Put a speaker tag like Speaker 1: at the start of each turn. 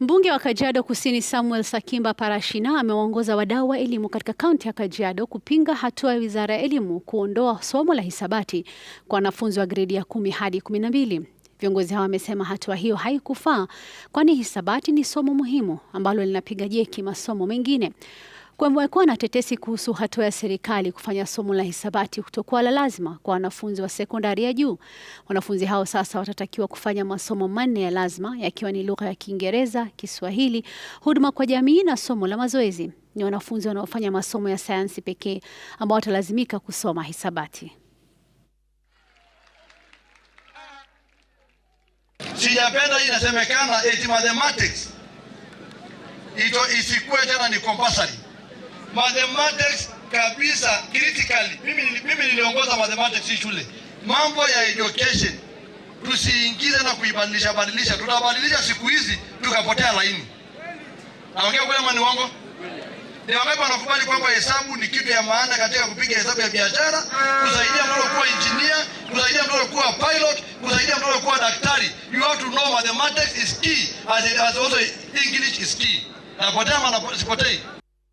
Speaker 1: Mbunge wa Kajiado Kusini Samuel Sakimba Parashina amewaongoza wadau wa elimu katika kaunti ya Kajiado kupinga hatua ya Wizara ya Elimu kuondoa somo la hisabati kwa wanafunzi wa gredi ya kumi hadi kumi na mbili. Viongozi hao wamesema hatua hiyo haikufaa kwani hisabati ni somo muhimu ambalo linapiga jeki masomo mengine. Kumekuwa na tetesi kuhusu hatua ya serikali kufanya somo la hisabati kutokuwa la lazima kwa wanafunzi wa sekondari ya juu. Wanafunzi hao sasa watatakiwa kufanya masomo manne ya lazima yakiwa ni lugha ya Kiingereza, Kiswahili, huduma kwa jamii na somo la mazoezi. Ni wanafunzi wanaofanya masomo ya sayansi pekee ambao watalazimika kusoma hisabati.
Speaker 2: sijapenda hii inasemekana eti mathematics ito isikue tena ni compulsory mathematics kabisa critically. Mimi, mimi niliongoza mathematics hii shule. Mambo ya education tusiingize na kuibadilisha badilisha, tutabadilisha siku hizi tukapotea laini. Naongea kwa ama wangu Ni wangapi wanakubali kwamba hesabu ni kitu ya maana katika kupiga hesabu ya biashara, kusaidia mtu kuwa engineer, kusaidia mtu kuwa pilot, kusaidia mtu kuwa daktari? got to know mathematics is key as, it, as also English is key. Napotea ama sipotei?